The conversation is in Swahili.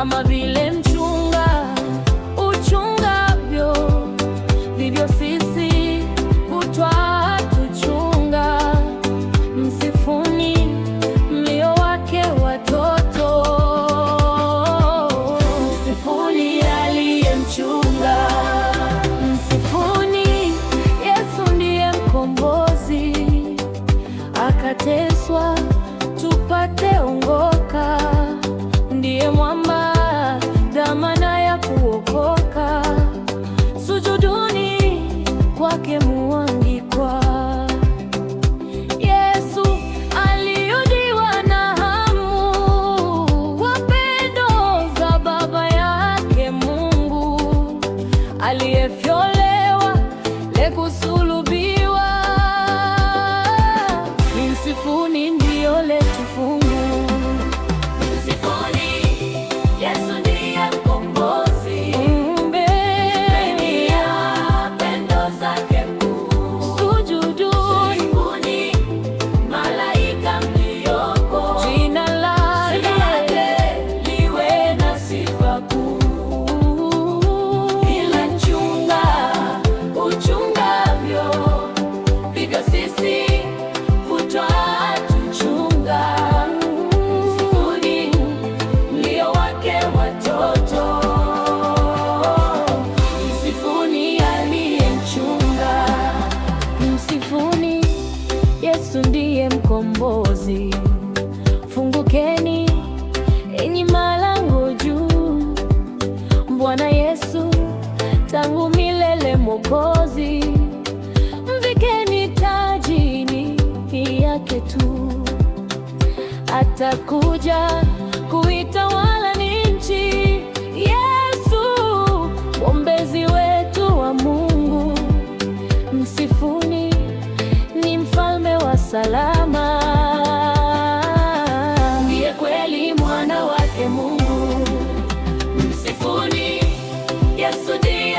kama vile yangu milele Mwokozi, mvikeni tajini yake tu, atakuja kuita